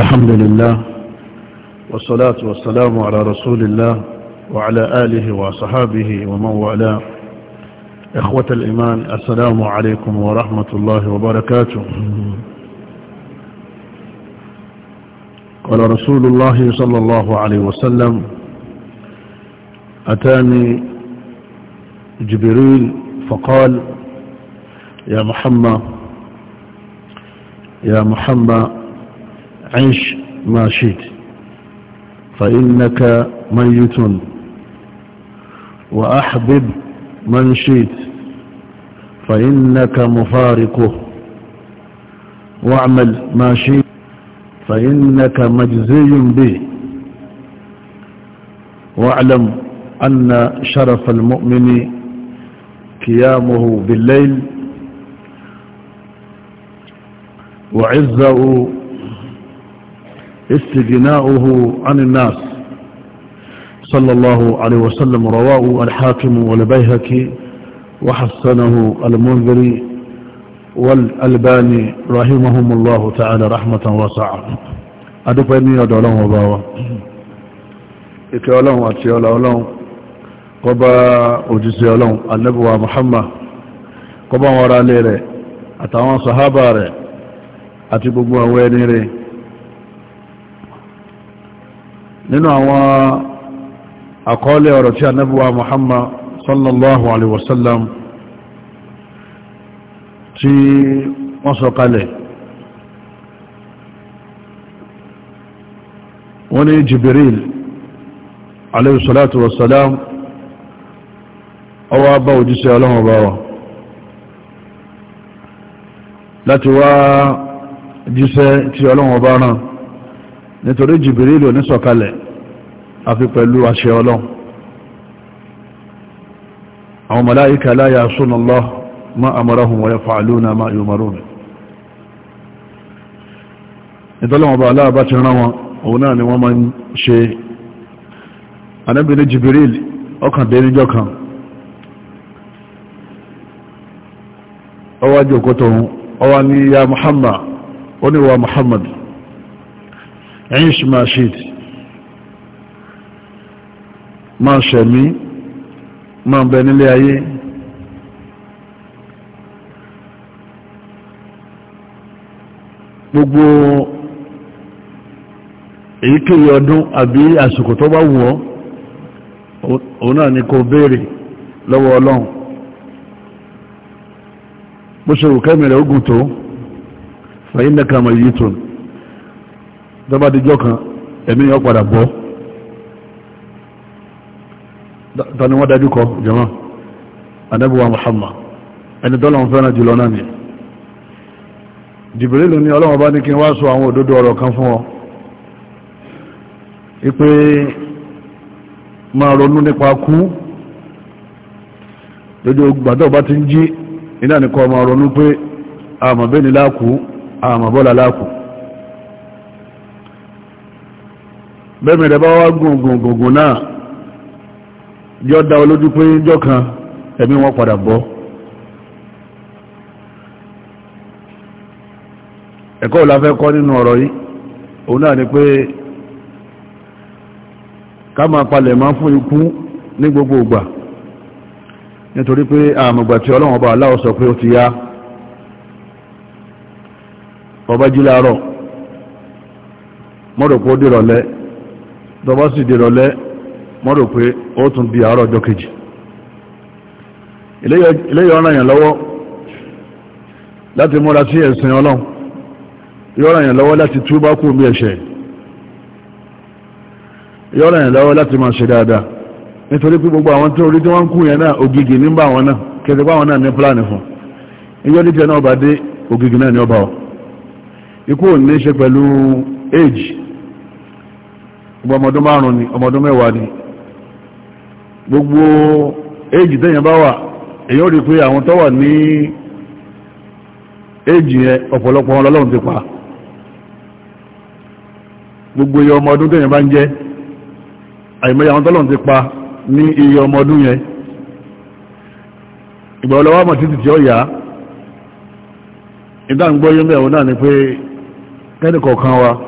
الحمد لله والصلاة والسلام على رسول الله وعلى آله وصحابه ومن والاه إخوة الإيمان السلام عليكم ورحمة الله وبركاته قال رسول الله صلى الله عليه وسلم أتاني جبريل فقال يا محمد يا محمد عش ما شئت فإنك ميت وأحبب من شئت فإنك مفارقه واعمل ما شئت فإنك مجزي به واعلم أن شرف المؤمن قيامه بالليل وعزه استجناؤه عن الناس صلى الله عليه وسلم رواه الحاكم والبيهكي وحسنه المنذري والألباني رحمهم الله تعالى رحمة واسعة أدوك بني يدعو لهم وباوة إتعو لهم وأتعو لهم قبا أجزي لهم النبوة محمد قبا وراء ليري أتعوان صحابة ري أتبقوا ويني ري nínú àwọn àkọọ́lẹ̀ ọ̀rọ̀ tí Ànábì wa Muhammad sallallahu alaihi wasallam tí wọ́n sọ kalẹ̀ wọ́n ní Jibril alaihi salatu wasalam ọwọ́ bá òjíṣẹ́ ọlọ́run bá láti wá jíṣẹ́ tí ọlọ́run bá náà nítorí jìbìrìlù onísọ̀kalẹ̀ àfi pẹ̀lú àṣẹ ọlọ́run àwọn mọ̀láíkà la ya'suna Allah ma amarahum wa yaf'aluna ma yu'marun ìtọ́lọ́wọ̀n bá aláàbá ti rán wọn òun náà ni wọ́n máa ń ṣe Ànábì ní jìbìrìlù ọkàndínlẹ́jọ́ kan ọwájú òkútọ̀ ọwá ní ya Muhammad ẹ̀yìnṣì máa ṣe ìtì máa ṣẹ̀mí máa bẹ nílé ayé gbogbo èyíkéyìí ọdún àbí àsìkò tó bá wù ọ́ òun náà ni kò béèrè lọ́wọ́ ọlọ́run bó ṣe rò kẹ́mìrẹ̀ ogun tó fàyínlẹ́kàmọ̀ yìí tó ní dọ́bá dijọ́ kan ẹ̀mí yọ padà bọ́ tani wọ́n dájú kọ jọmọ́ anábíwá Muhammad ẹni tọ́lọ̀ ń fẹ́ràn jùlọ náà ni Jibrilu ní ọlọ́wọ́ bá ní kí wá sọ àwọn òdodo ọ̀rọ̀ kan fún ọ ipé máa ronú nípa kú lójú gbàdọ̀ bá ti ń jí iná nìkan máa ronú pé àmàbẹ́ni láàkú àmàbọ́là láàkú bẹ́ẹ̀mì rẹ̀ bá wá gùngùngùn náà jọ dá olójú pé jọ kan ẹ̀mí wọn padà bọ́ ẹ̀kọ́ la kọ́ nínú ọ̀rọ̀ yìí òun náà ni pé ká ma palẹ̀ máa fún ikú ní gbogbo ìgbà nítorí pé àmàgbà tí ọlọ́wọ́n bá aláwọ̀ sọ pé ó ti yá ọba jí láàárọ̀ dìrọ̀lẹ́ tọba sì dìrọ̀lẹ́ mọ́rò pé ó tún di àárọ̀ ọjọ́ kejì iléyọ̀ ọ̀ràn yàn lọ́wọ́ láti múra sí ẹ̀sìn ọlọ́run yọ́ràn yàn lọ́wọ́ láti bá kú bí ẹ̀ṣẹ̀ yọ́ràn yàn lọ́wọ́ láti máa ṣe dáadáa nítorí pé gbogbo àwọn tó rí tí wọ́n ń kú yẹn náà ògìgì nígbà náà náà ní pláàni fún iyọ́ ní tiẹ̀ náà dé ọba ọ ikú ò ní pẹ̀lú age gbogbo ọmọdún márùn ni ọmọdún mẹ́wàá ni gbogbo éjì tẹ́yàn bá wà èyí ò rí pé àwọn tọ́wà ní éjì yẹn ọ̀pọ̀lọpọ̀ wọn ti pa gbogbo iye ọmọdún tẹ́yàn bá ń jẹ́ àìmọye àwọn ti pa ní iye ọmọdún yẹn ìgbà mọ̀ títì tí ó yá ìdáǹgbọ́ náà ni pé kẹ́nìkọ̀ọ̀kan wa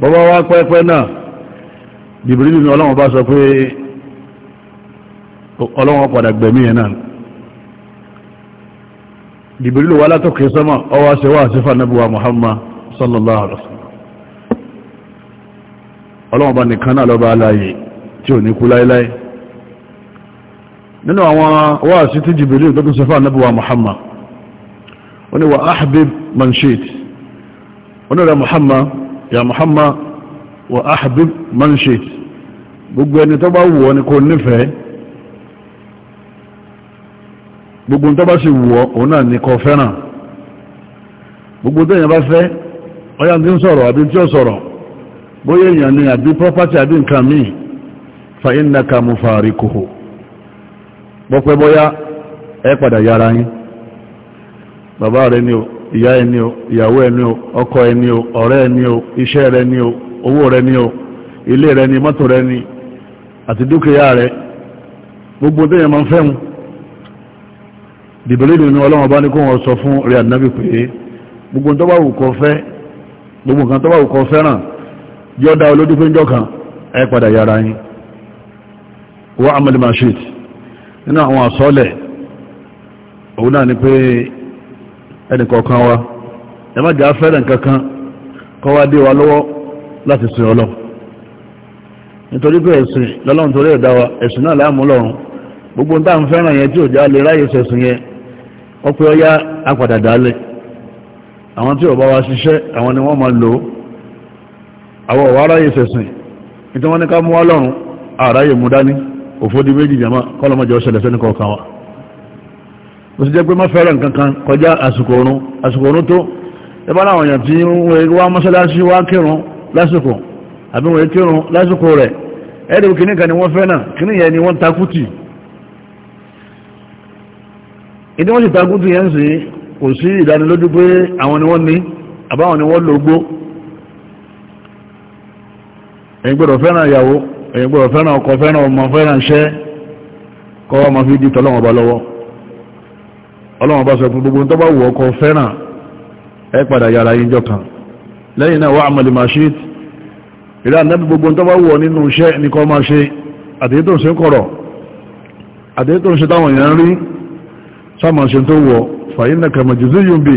bọ́bá wá pẹ́pẹ́ náà jìbìrìlù ní ọlọ́wọ́n bá sọ pé ọlọ́wọ́n padà gbẹ̀mí ẹ̀ náà jìbìrìlù wá látọ̀kẹ́ sọ́mọ̀ ọwá ṣe wá sífà nábíwá Muhammad sallallahu alaihi wasallam ọlọ́wọ́n bá ya muhammad wa ahbib man shit gbogbo ẹni tó bá wù ọ́ ni kò nífẹ̀ẹ́ gbogbo ni kò gbogbo bá ọyá ń àbí tí ó fa inaka mufarikuhu bọ́pẹ́ bóyá ẹ padà yára yín bàbá rẹ ìyá ẹni o ìyàwó ẹni o ọkọ ẹni o ọ̀rẹ́ ẹni o iṣẹ́ rẹ ni o owó rẹ ni o ilé rẹ ni mọ́tò rẹ ni àti dúkìá rẹ gbogbo tó yẹ máa ń fẹ́hun dìbìlì nínú ọlọ́wọ́n bá ní kó wọn sọ fún ànábì pé gbogbo tó bá wù gbogbo nǹkan tó bá wù ẹnìkọ̀ọ̀kan wa ẹ má jà nkankan nǹkankan kọ́ dé wa lọ́wọ́ láti sin ọlọ nítorí pé ẹ̀sìn lọ́lọ́run torí ẹ̀dá wa ẹ̀sìn náà láàmú lọ́run gbogbo ń dáhùn fẹ́ràn yẹn tí ò já lè ráyè sẹ̀sìn yẹn pé ọyá apàdà wa ṣiṣẹ́ àwọn ni wọ́n máa lò ráyè sẹ̀sìn nítorí wọ́n ní ká mú lọ́run àráyè mú dání méjì wa ó sì jẹ́ pé má fẹ́ràn kankan kọjá àsìkò oorun àsìkò oorun tó ẹbá láwọn èèyàn tí wọ́n wá mọ́sálásí wá kírun lásìkò àbí wọ́n kírun lásìkò rẹ̀ ẹ̀dùn kìíní kan ni wọ́n fẹ́ náà kìíní yẹn ni wọ́n takútì ìdí wọ́n sì takútì yẹn sì kò sí ìdánilójú pé àwọn ni wọ́n ní àbáwọn ni wọ́n lògbó ẹ̀yin gbọ́dọ̀ fẹ́ràn ìyàwó ọlọ́wọ́n bá sọ fún gbogbo tó bá wù ọkọ̀ fẹ́ràn ẹ padà yàrá yíjọ kan lẹ́yìn náà wà àmàlì mashit ìrẹ́ ànẹ́bí gbogbo tó bá wù ọ nínú iṣẹ́ nìkan máa ṣe àtẹ́tò ṣe kọ̀rọ̀ àtẹ́tò ṣe táwọn èèyàn rí sáàmà ṣe tó wọ fàyínà kàmàjìzí yóò bí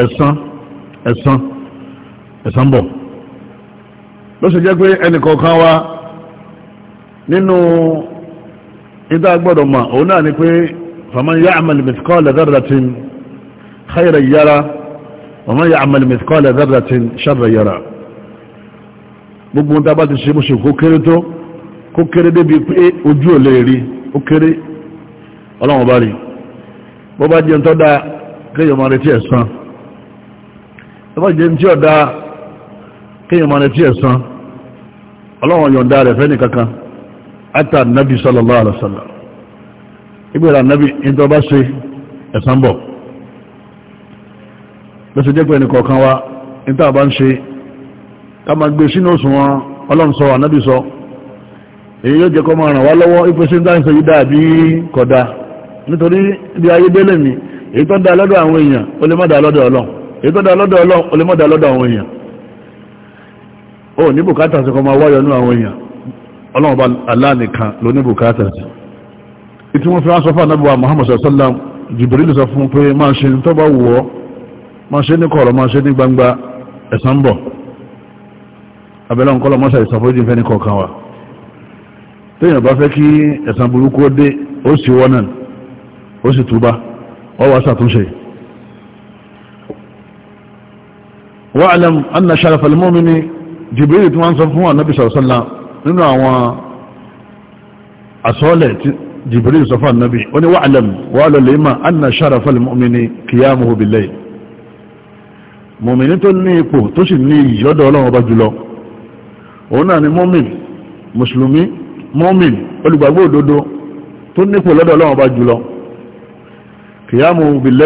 ẹ̀sán ẹ̀sán ẹ̀sán bọ̀ ló ṣe jẹ́ pé ẹnìkọ̀ọ̀kan wa nínú ìdá gbọ́dọ̀ mà òun náà ni pé فمن يعمل مثقال ذرة خيرا يرى ومن يعمل مثقال ذرة شرا يرى gbogbo ta bá ti ṣe bó ṣe kó kéré tó kó kéré débi pé ojú ò lè rí ó kéré ọlọ́wọ̀n bá rí bó bá jẹun tó dáa kéèyàn máa retí ẹ̀san bó bá jẹun tí ó kéèyàn máa retí ẹ̀san ọlọ́wọ̀n yọ̀ǹda rẹ̀ fẹ́ nìkankan ata nabi sallallahu alaihi wasallam ìgbèrè ànábì ìjọ bá ṣe ẹ̀san bọ̀ lọ́sẹ̀ jẹ́ pé ẹnì kọ̀ọ̀kan wa níta bá ń ṣe ká máa gbé sínú òsùn wọn ọlọ́run sọ ànábì sọ èyí yóò jẹ́ kọ́ máa ràn wá lọ́wọ́ ipò sí dáhùn sọ bí ayé mi èyí tó dá lọ́dọ̀ àwọn èèyàn ó lè má dá lọ́dọ̀ ọlọ́run èyí tó dá lọ́dọ̀ ọlọ́run ó lè má dá lọ́dọ̀ àwọn èèyàn ó ní bùkátà sí kọ́ ìtí wọ́n fi rán sọ fún anábíwá Muhammad sallam Jibril sọ fún pé máa ṣe tó bá wùwọ́ máa ṣe ní kọ̀rọ̀ máa ṣe ní gbangba ẹ̀sán bọ̀ abẹ́lẹ́ ọ̀kọ́lọ̀ mọ́sà ìsàfójì fẹ́ ní kọ̀ọ̀kan wa téèyàn bá fẹ́ kí ẹ̀sán burúkú dé ó sì wọ́n náà ó sì túbá ó wá ṣàtúnṣe wa'lam anna sharaf al-mu'mini Jibril tí wọ́n sọ fún anábì sallam nínú àwọn àsọ́ọ̀lẹ̀ jibril sọ fún annabi ó ní wa'alam wa'ala lèémà anna sharafal mu'mini qiyamuhu bil-layl mọ̀mìnì tó ní ipò tó sì ní ìyọ́dọ̀ ọlọ́run ọba jùlọ òun náà ni mọ́mìn mùsùlùmí mọ́mìn olùgbàgbọ́ òdodo tó nípò lọ́dọ̀ ọlọ́run jùlọ qiyamuhu bil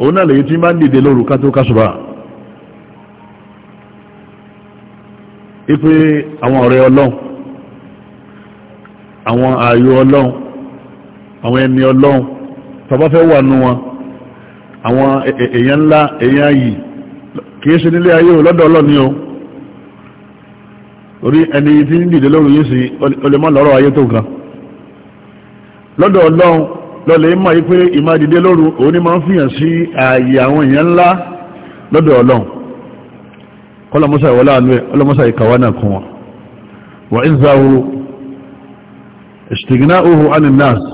òun náà lèyí tí máa ń dìde lóru ká kásùbà ipe àwọn ọ̀rẹ́ ọlọ́run àwọn ààyò ọlọ́run àwọn ẹni ọlọ́run tàbá wà wọn àwọn èèyàn ńlá èèyàn yìí kìí ṣe nílé ayé lọ́dọ̀ ọlọ́ni o orí ẹni tí ń dìde lórí yìí sí olèmọ́ lọ́rọ̀ ayé tó lọ́dọ̀ ọlọ́run lọ́lẹ̀ ìmọ̀ yí pé ìmá dìde lóru òní máa ń fihàn sí ààyè àwọn èèyàn ńlá lọ́dọ̀ ọlọ́run ìwọlá àánú ìkàwá náà wọn ń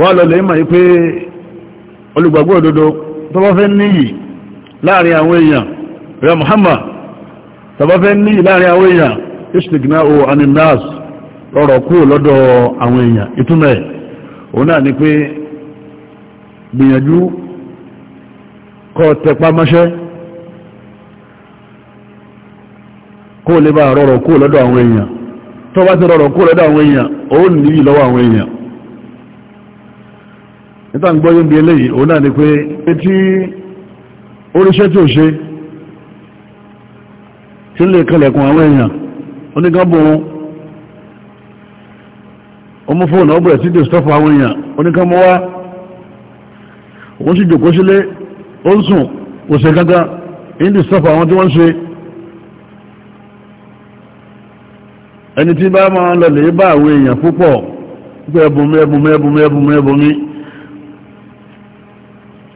wọ́n lọ lè mọ̀ pé olùgbàgbọ́ òdodo tó bá fẹ́ níyì láàrin àwọn èèyàn rẹ̀ Muhammad tó bá fẹ́ níyì láàrin àwọn èèyàn istigna o aninas lọ́rọ̀ kúrò lọ́dọ̀ àwọn èèyàn ìtumẹ̀ òun náà ni pé gbìyànjú kó tẹpá mọ́ṣẹ́ kó lè bá rọrọ̀ kúrò lọ́dọ̀ àwọn èèyàn ti lọ́dọ̀ àwọn níta ń gbọ́yé ń bí eléyìí òun náà ni pé etí oríṣẹ́ tí ò ṣe tí lè kalẹ̀kùn àwọn èèyàn oníkàbò ọmọ fóònù ọbẹ̀rẹ̀ sí dìstọ́fù àwọn èèyàn oníkàmọ́ wá wọ́n sì jòkó sílé ó ń sùn kò ṣe gágá ní dìstọ́fù àwọn tí wọ́n ṣe ẹni tí bá máa lọlẹ̀ bá àwọn èèyàn púpọ̀ pé ẹbùnmí ẹbùnmí ẹbùnmí ẹbùnmí ẹbùnmí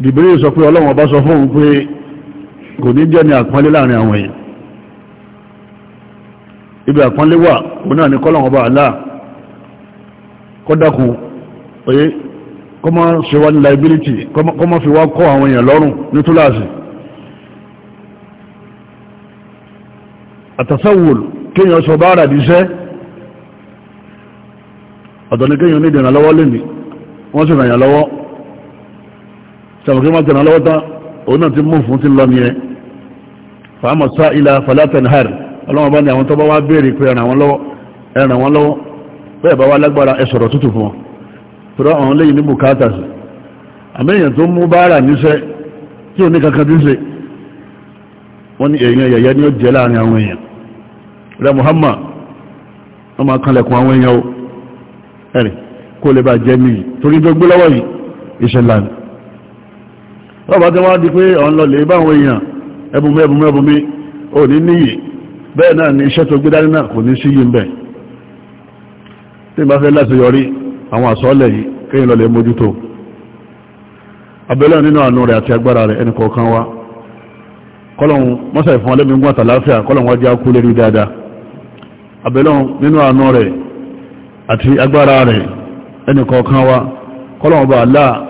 dìbírí sọ pé ọlọ́wọ̀n bá sọ fóun pé kò ní jẹ́ ní àpọ́nlé láàrin àwọn èèyàn ibi àpọ́nlé wà òun náà ni kọ́lọ̀wọ̀n bá àlá kọ́dàkùn oyé kọ́mọ́ ṣe wá ní liability kọ́mọ́ fi wá kọ́ àwọn èèyàn lọ́rùn ní túláàsì àtàsáwòl kéèyàn sọ bá rà díṣẹ́ ọ̀tọ̀ ni kéèyàn ní ìdènà lọ́wọ́ lè ní wọ́n sì ràn yàn lọ́wọ́ tàbí má jẹ̀nà lọ́wọ́ tán òun náà ti mú fún lọ nìyẹn fàámọ̀ sá ilà falatan har ọlọ́wọ́n bá ní àwọn tó bá wá béèrè pé ẹ̀ràn wọn lọ́wọ́ bẹ́ẹ̀ bá wá lágbára ẹ sọ̀rọ̀ tútù fún wọn pẹ̀lú àwọn lẹ́yìn ní bùkátà sí àmẹ́yàn tó mú báárà níṣẹ́ ní kankan tí ń lọ́bàá tí wọ́n di pé ọ̀n lọ lè báwọn èèyàn ẹbùnmí ò ní níyì bẹ́ẹ̀ náà ni iṣẹ́ tó gbé dání náà kò ní sí yìí bẹ́ẹ̀ tí bá fẹ́ láti yọrí àwọn àsọ́ọ̀lẹ̀ yìí kéyìn lọ lè mójútó abẹ́lẹ̀ nínú àánú rẹ̀ àti agbára rẹ̀ ẹnì kọ̀ọ̀kan wa kọ́lọ̀hún mọ́sà ìfún alẹ́mìígún àtàláfíà kọ́lọ̀hún wájú akú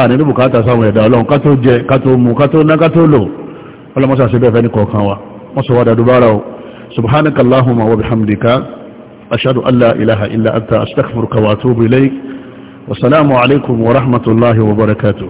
a nínú bùkátà sáwọn ẹ̀dà ọlọ́run ká tó jẹ ká tó mú ká tó ná ká tó lò ọlọ́mọ́sá sí bẹ́ẹ̀ fẹ́ni kọ̀ọ̀kan wa wọ́n sọ wádà dubára o subhanaka